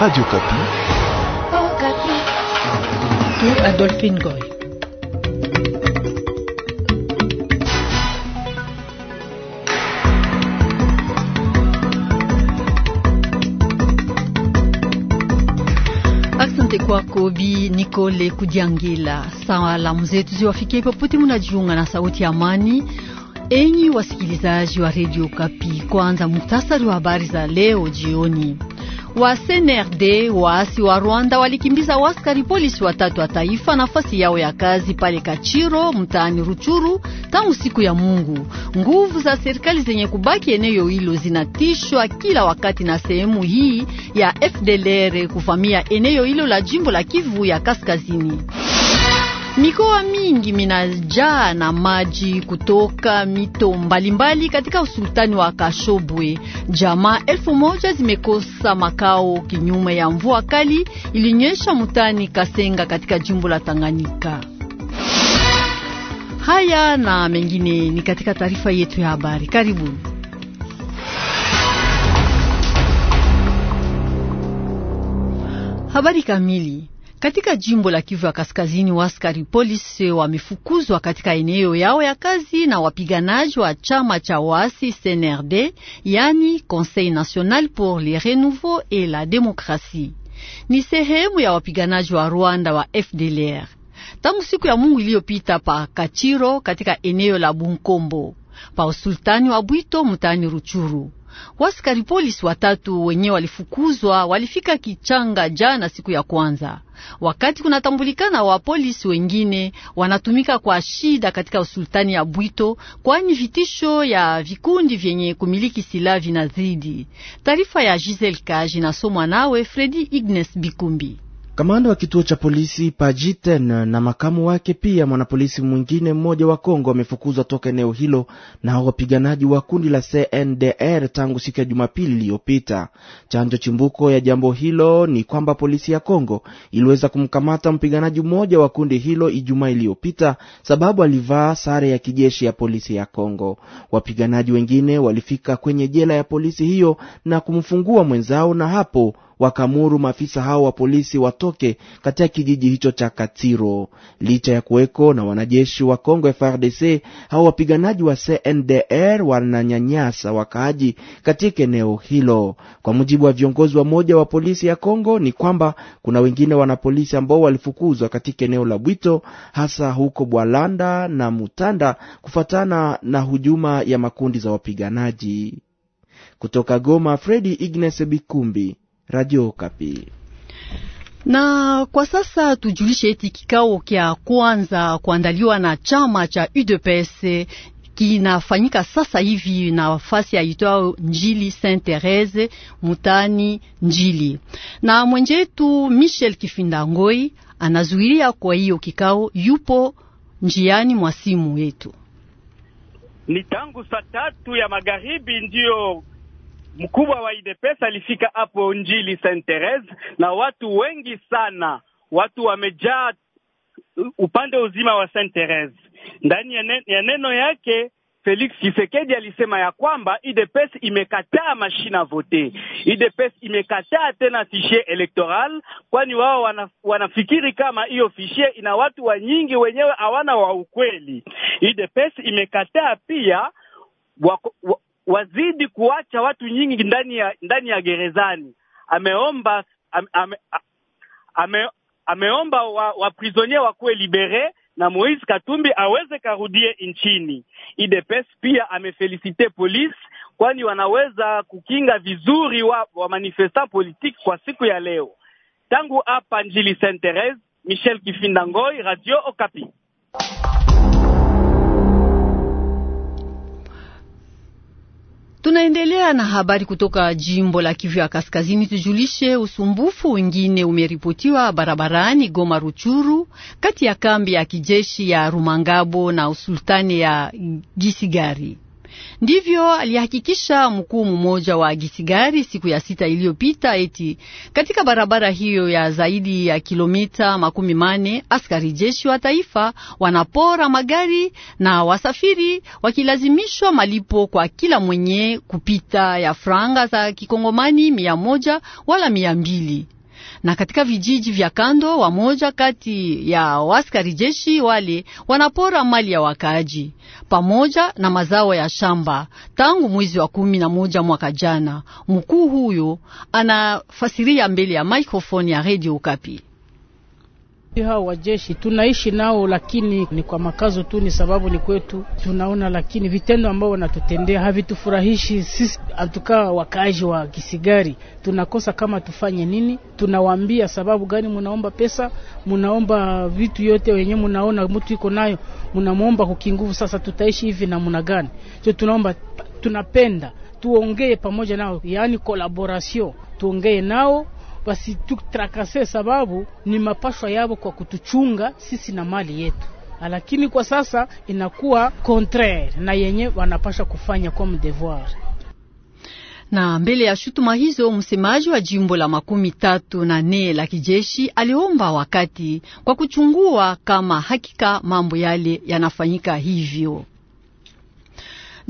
Radio Kapi. Oh, Kapi. Tu Adolphine Goy. Asante kwako Bi Nicole Kudiangila. Salamu zetu ziwafikie popote munajiunga na sauti ya amani. Enyi wasikilizaji wa Radio Kapi, kwanza muktasari wa habari za leo jioni wa CNRD waasi wa Rwanda walikimbiza waskari polisi watatu wa taifa nafasi yao ya kazi pale Kachiro mtaani Ruchuru tangu siku ya Mungu. Nguvu za serikali zenye kubaki eneo hilo zinatishwa kila wakati na sehemu hii ya FDLR kuvamia eneo hilo la jimbo la Kivu ya Kaskazini. Mikoa mingi minajaa na maji kutoka mito mbalimbali mbali katika usultani wa Kashobwe. Jamaa elfu moja zimekosa makao kinyume ya mvua kali ilinyesha mutani Kasenga katika jimbo la Tanganyika. Haya na mengine ni katika taarifa yetu ya habari. Karibuni. Habari kamili. Katika jimbo la Kivu ya Kaskazini, waskari polisi wamefukuzwa katika eneo yao ya kazi na wapiganaji wa chama cha waasi CNRD, yani Conseil National pour le Renouveau et la Démocratie. Ni sehemu ya wapiganaji wa Rwanda wa FDLR tangu siku ya Mungu iliyopita pa Kachiro katika eneo la Bunkombo pa usultani wa Bwito mtaani Ruchuru. Waskari polisi watatu wenye walifukuzwa walifika Kichanga jana siku ya kwanza, wakati kunatambulikana wa polisi wengine wanatumika kwa shida katika usultani ya Bwito, kwani vitisho ya vikundi vyenye kumiliki silaha vinazidi. Taarifa ya Giselle Kaji inasomwa nawe Fredi Ignes Bikumbi. Kamanda wa kituo cha polisi Pajiten na makamu wake pia mwanapolisi mwingine mmoja wa Kongo wamefukuzwa toka eneo hilo na wapiganaji wa kundi la CNDR tangu siku ya Jumapili iliyopita. Chanjo chimbuko ya jambo hilo ni kwamba polisi ya Kongo iliweza kumkamata mpiganaji mmoja wa kundi hilo Ijumaa iliyopita, sababu alivaa sare ya kijeshi ya polisi ya Kongo. Wapiganaji wengine walifika kwenye jela ya polisi hiyo na kumfungua mwenzao na hapo wakaamuru maafisa hao wa polisi watoke katika kijiji hicho cha Katiro. Licha ya kuweko na wanajeshi wa Kongo frdc hao wapiganaji wa CNDR wananyanyasa wakaaji katika eneo hilo. Kwa mujibu wa viongozi wa moja wa polisi ya Kongo ni kwamba kuna wengine wanapolisi ambao walifukuzwa katika eneo la Bwito, hasa huko Bwalanda na Mutanda kufuatana na hujuma ya makundi za wapiganaji kutoka Goma. Fredi Ignace Bikumbi, Radio Kapi. Na kwa sasa tujulishe eti kikao kya kwanza kuandaliwa na chama cha UDPS kinafanyika sasa hivi nafasi ya itwao Njili Saint Therese mutani Njili, na mwenjetu Michel Kifindangoi anazuilia kwa hiyo kikao, yupo njiani mwa simu yetu. Ni tangu saa tatu ya magharibi ndio mkubwa wa IDPS alifika hapo Njili Saint Therese, na watu wengi sana, watu wamejaa upande uzima wa Saint Therese. Ndani ya neno yake Felix Tshisekedi alisema ya kwamba UDPS imekataa mashina vote. UDPS imekataa tena fichier electoral, kwani wao wana, wanafikiri kama hiyo fichier ina watu wanyingi wenyewe hawana wa ukweli. UDPS imekataa pia wako, wazidi kuacha watu nyingi ndani ya ndani ya gerezani. Ameomba ame, ame, ame, ameomba waprisonnier wa wakuwe libere na Moise Katumbi aweze karudie nchini. IDPS pia amefelicite polisi kwani wanaweza kukinga vizuri wa, wa manifesta politiki kwa siku ya leo. Tangu hapa Njili Saint Therese, Michel Kifindangoi, Radio Okapi. Tunaendelea na habari kutoka jimbo la Kivu ya Kaskazini. Tujulishe, usumbufu wengine umeripotiwa barabarani Goma Ruchuru, kati ya kambi ya kijeshi ya Rumangabo na usultani ya Gisigari. Ndivyo alihakikisha mkuu mmoja wa Gisigari siku ya sita iliyopita, eti katika barabara hiyo ya zaidi ya kilomita makumi mane askari jeshi wa taifa wanapora magari na wasafiri wakilazimishwa malipo kwa kila mwenye kupita ya franga za kikongomani mia moja wala mia mbili na katika vijiji vya kando, wamoja kati ya waskari jeshi wale wanapora mali ya wakaaji pamoja na mazao ya shamba tangu mwezi wa kumi na moja mwaka jana. Mkuu huyo anafasiria mbele ya mikrofoni ya redio Okapi hao wajeshi tunaishi nao, lakini ni kwa makazo tu, ni sababu ni kwetu tunaona, lakini vitendo ambao wanatutendea havitufurahishi sisi. Hatukaa wakaaji wa Kisigari tunakosa kama tufanye nini? Tunawaambia sababu gani? Munaomba pesa, munaomba vitu yote wenye munaona mtu iko nayo, munamwomba kukinguvu. Sasa tutaishi hivi namna gani? So tunaomba, tunapenda tuongee pamoja nao, yaani collaboration, tuongee nao wasitutrakase, sababu ni mapashwa yao kwa kutuchunga sisi na mali yetu lakini kwa sasa inakuwa contraire na yenye wanapasha kufanya kwa mdevoir. Na mbele ya shutuma hizo, msemaji wa jimbo la makumi tatu na nne la kijeshi aliomba wakati kwa kuchungua kama hakika mambo yale yanafanyika hivyo.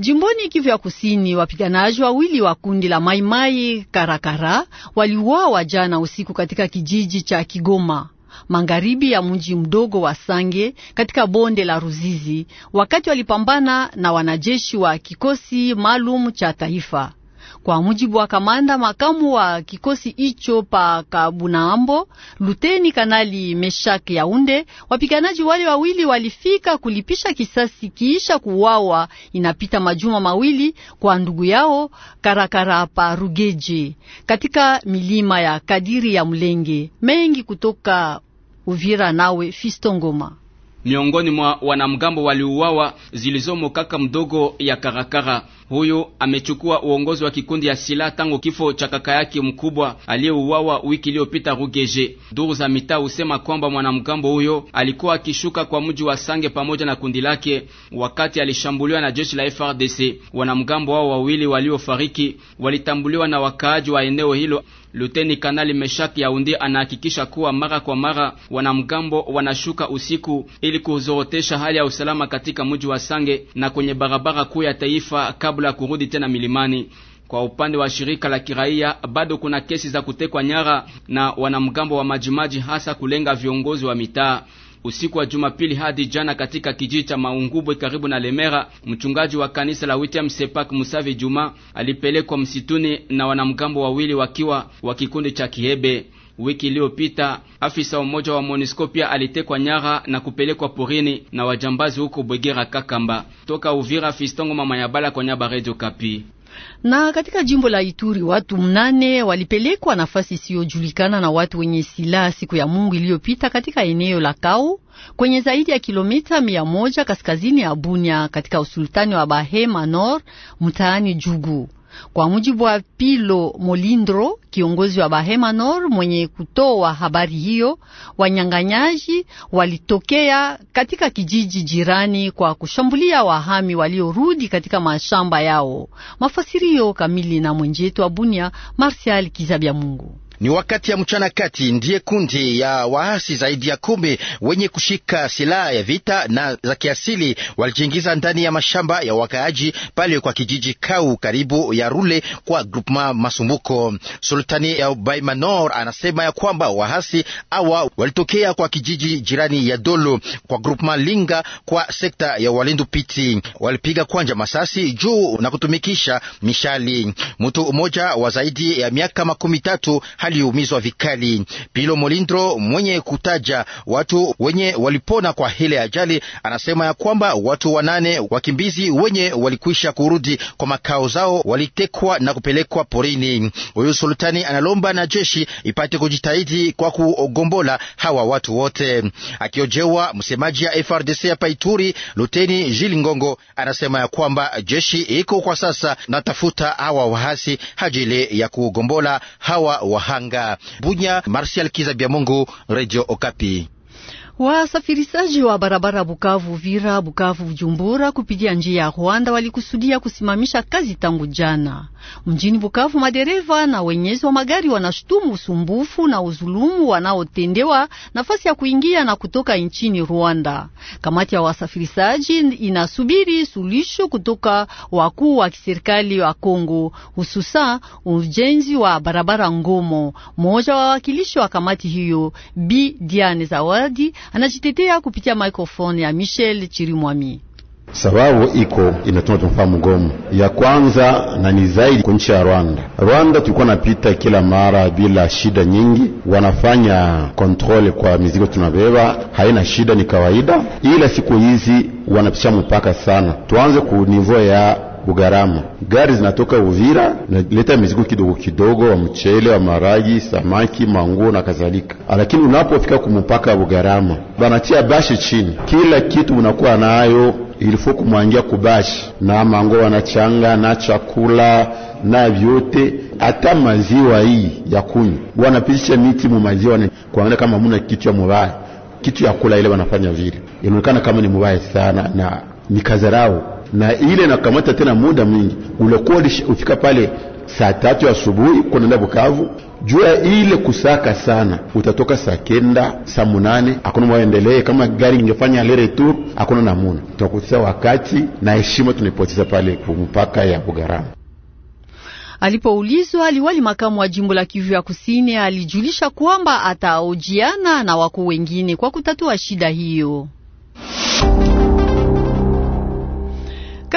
Jimboni Kivu ya Kusini, wapiganaji wawili wa kundi la Maimai Karakara waliuawa jana usiku katika kijiji cha Kigoma magharibi ya mji mdogo wa Sange katika bonde la Ruzizi wakati walipambana na wanajeshi wa kikosi maalum cha taifa. Kwa mujibu wa kamanda makamu wa kikosi hicho pa Kabunaambo, luteni kanali Meshak Yaunde, wapiganaji wale wawili walifika kulipisha kisasi kiisha kuwawa inapita majuma mawili kwa ndugu yao Karakara pa Rugeje katika milima ya kadiri ya Mulenge mengi kutoka Uvira. Nawe Fisto Ngoma miongoni mwa wanamgambo waliuawa zilizomo kaka mdogo ya Karakara. Huyu amechukua uongozi wa kikundi ya silaha tangu kifo cha kaka yake mkubwa aliyeuawa wiki iliyopita Rugeje. Duru za mitaa husema kwamba mwanamgambo huyo alikuwa akishuka kwa mji wa Sange pamoja na kundi lake wakati alishambuliwa na jeshi la FRDC. Wanamgambo wao wawili waliofariki walitambuliwa na wakaaji wa eneo hilo Luteni Kanali Meshak Yaundi anahakikisha kuwa mara kwa mara wanamgambo wanashuka usiku ili kuzorotesha hali ya usalama katika mji wa Sange na kwenye barabara kuu ya taifa kabla ya kurudi tena milimani. Kwa upande wa shirika la kiraia bado kuna kesi za kutekwa nyara na wanamgambo wa majimaji, hasa kulenga viongozi wa mitaa usiku wa Jumapili hadi jana katika kijiji cha Maungubwe karibu na Lemera. Mchungaji wa kanisa la witiam Sepak Musavi Juma alipelekwa msituni na wanamgambo wawili wakiwa wa kikundi cha Kihebe. Wiki iliyopita afisa mmoja wa MONUSCO pia alitekwa nyara na kupelekwa porini na wajambazi huko Bwegera Kakamba. Toka Uvira, Fistongo mama ya bala kwa nyaba, Radio Kapi. Na katika jimbo la Ituri watu mnane walipelekwa nafasi isiyojulikana na watu wenye silaha siku ya Mungu iliyopita katika eneo la Kau kwenye zaidi ya kilomita mia moja kaskazini ya Bunia katika usultani wa Bahema Nord mtaani Jugu. Kwa mujibu wa Pilo Molindro, kiongozi wa Bahemanor mwenye kutoa habari hiyo, wanyang'anyaji walitokea katika kijiji jirani kwa kushambulia wahami waliorudi katika mashamba yao. Mafasirio kamili na mwenjetu wa Bunia, Marsial Kizabya Mungu. Ni wakati ya mchana kati ndiye kundi ya waasi zaidi ya kumi wenye kushika silaha ya vita na za kiasili walijiingiza ndani ya mashamba ya wakaaji pale kwa kijiji Kau karibu ya Rule kwa grupma Masumbuko. Sultani ya Baimanor anasema ya kwamba waasi awa walitokea kwa kijiji jirani ya Dolo kwa grupma Linga kwa sekta ya Walindu Piti. Walipiga kwanja masasi juu na kutumikisha mishali. Mtu mmoja wa zaidi ya miaka makumi tatu aliumizwa vikali. Pilo Molindro mwenye kutaja watu wenye walipona kwa hile ajali anasema ya kwamba watu wanane wakimbizi wenye walikwisha kurudi kwa makao zao walitekwa na kupelekwa porini. Huyu sultani analomba na jeshi ipate kujitahidi kwa kuogombola hawa watu wote. Akiojewa msemaji ya FRDC ya paituri Luteni Jili Ngongo anasema ya kwamba jeshi iko kwa sasa natafuta hawa wahasi hajili ya kugombola hawa wahasi. Katanga Bunya. Martial Kizabiamungu, Radio Okapi. Wasafirishaji wa barabara Bukavu Vira, Bukavu Jumbura kupitia njia ya Rwanda walikusudia kusimamisha kazi tangu jana mjini Bukavu. Madereva na wenyezi wa magari wanashutumu usumbufu na uzulumu wanaotendewa nafasi ya kuingia na kutoka nchini Rwanda. Kamati ya wasafirishaji inasubiri suluhisho kutoka wakuu wa kiserikali wa Kongo, hususa ujenzi wa barabara Ngomo. Mmoja wa wawakilishi wa kamati hiyo Bi Diane Zawadi anajitetea kupitia mikrofoni ya Michel Chirimwami. Sababu iko inatuma tunafaa mgomo ya kwanza na ni zaidi kwa nchi ya Rwanda. Rwanda tulikuwa napita kila mara bila shida nyingi, wanafanya kontrole kwa mizigo tunabeba, haina shida, ni kawaida, ila siku hizi wanapisha mpaka sana. Tuanze ku nivo ya kugharama. Gari zinatoka Uvira naleta mizigo kidogo kidogo, wa mchele, wa maragi, samaki, manguo na kadhalika, lakini unapofika kumupaka Bugarama banatia bashi chini, kila kitu unakuwa nayo ilifo kumwangia kubashi na mango wanachanga na chakula na vyote, hata maziwa hii ya kunywa wanapitisha miti mu maziwa kuangalia kama muna kitu ya mubaya, kitu ya kula ile wanafanya vile. Inaonekana kama ni mubaya sana na ni kazarau na ile nakamata tena muda mwingi. Ulikuwa ufika pale saa tatu asubuhi kunaenda Bukavu, juu ya ile kusaka sana, utatoka saa kenda saa munane hakuna mwaendelee. Kama gari ingefanya le retour, akuna namuna, tunakutisa wakati na heshima tunaipoteza pale kumpaka ya Bugarama. Alipoulizwa, liwali makamu wa jimbo la Kivu ya Kusini alijulisha kwamba ataojiana na wakuu wengine kwa kutatua shida hiyo.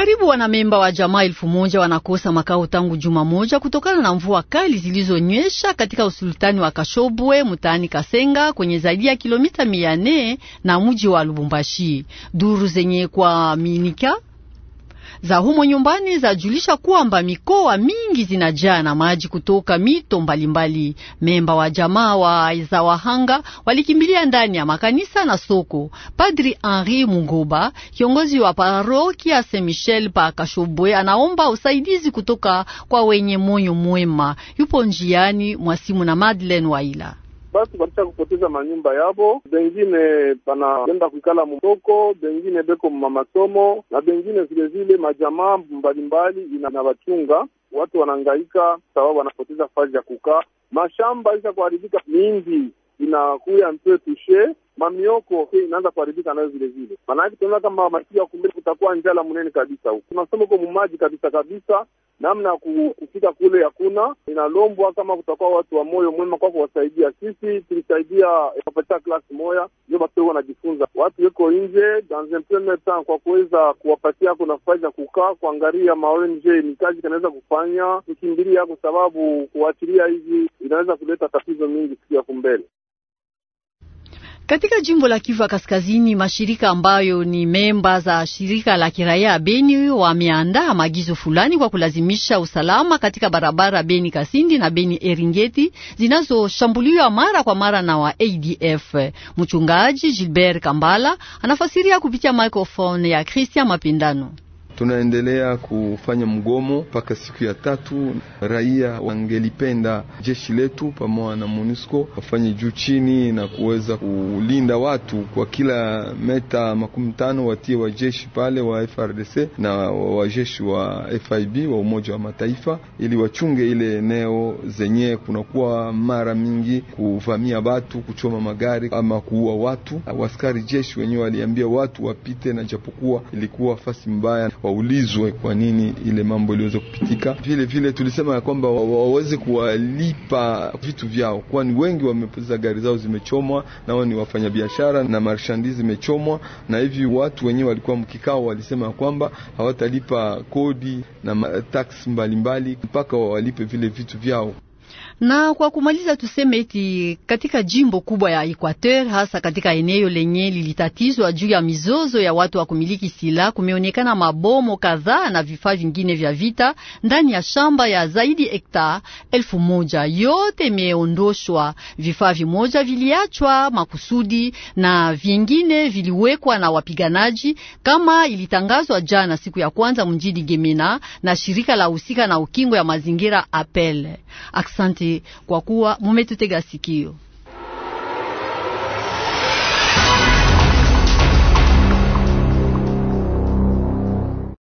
Karibu wanamemba wa jamaa elfu moja wanakosa makao tangu juma moja kutokana na mvua kali zilizonyesha katika usultani wa Kashobwe mtaani Kasenga kwenye zaidi ya kilomita mia nne na mji wa Lubumbashi. Duru zenye kuaminika za humo nyumbani zajulisha kwamba mikoa mingi zinajaa na maji kutoka mito mbalimbali. Memba wa jamaa wa za wahanga walikimbilia ndani ya makanisa na soko. Padri Henri Mungoba, kiongozi wa parokia Saint Michel pa Kashobwe, anaomba usaidizi kutoka kwa wenye moyo mwema. Yupo njiani mwasimu na Madeleine Waila basi walisha kupoteza manyumba yabo, bengine banaenda kuikala mutoko, bengine beko mamasomo na bengine vilevile majamaa mbalimbali inabachunga. Watu wanaangaika sababu wanapoteza fazi ya kukaa, mashamba isha kuharibika, mindi inakuya mpe tushe mamioko okay, inaanza kuharibika nayo vile vile, maanake tunaona kama masiku ya kumbele kutakuwa njala munene kabisa huku masomo uko mumaji kabisa kabisa namna ya kufika kule hakuna. Inalombwa kama kutakuwa watu wa moyo mwema kwa kuwasaidia. Sisi tulisaidia kupatia klasi moya, ndio batoto wanajifunza. Watu weko nje dans un premier temps, kwa kuweza kuwapatia ako nafasi ya kukaa kuangalia maong ni kazi kanaweza kufanya kukimbilia, kwa sababu kuachilia hivi inaweza kuleta tatizo mingi siku ya kumbele. Katika jimbo la Kivu Kaskazini, mashirika ambayo ni memba za shirika la kiraia Beni wameandaa maagizo fulani kwa kulazimisha usalama katika barabara Beni Kasindi na Beni Eringeti zinazoshambuliwa mara kwa mara na wa ADF. Mchungaji Gilbert Kambala anafasiria kupitia microphone ya Christian Mapindano. Tunaendelea kufanya mgomo mpaka siku ya tatu. Raia wangelipenda jeshi letu pamoja na MONUSCO wafanye juu chini na kuweza kulinda watu kwa kila meta makumi tano, watie wajeshi pale wa FRDC na wajeshi wa FIB wa Umoja wa Mataifa ili wachunge ile eneo zenye kunakuwa mara mingi kuvamia watu, kuchoma magari ama kuua watu. Waskari jeshi wenyewe waliambia watu wapite, na japokuwa ilikuwa fasi mbaya wa waulizwe kwa nini ile mambo iliweza kupitika. Vile vile tulisema ya kwamba waweze kuwalipa vitu vyao, kwani wengi wamepoteza gari zao zimechomwa, na wao ni wafanyabiashara na marshandise zimechomwa, na hivi watu wenyewe walikuwa mkikao, walisema ya kwamba hawatalipa kodi na tax mbalimbali mpaka wawalipe vile vitu vyao. Na kwa kumaliza tuseme eti katika jimbo kubwa ya Equateur, hasa katika eneo lenye lilitatizwa juu ya mizozo ya watu wa kumiliki silaha, kumeonekana mabomo kadhaa na vifaa vingine vya vita ndani ya shamba ya zaidi hekta elfu moja. Yote imeondoshwa, vifaa vimoja viliachwa makusudi na vingine viliwekwa na wapiganaji, kama ilitangazwa jana siku ya kwanza mjini Gemena na shirika la husika na ukingo ya mazingira Apele. Aksanti kwa kuwa mumetutega sikio.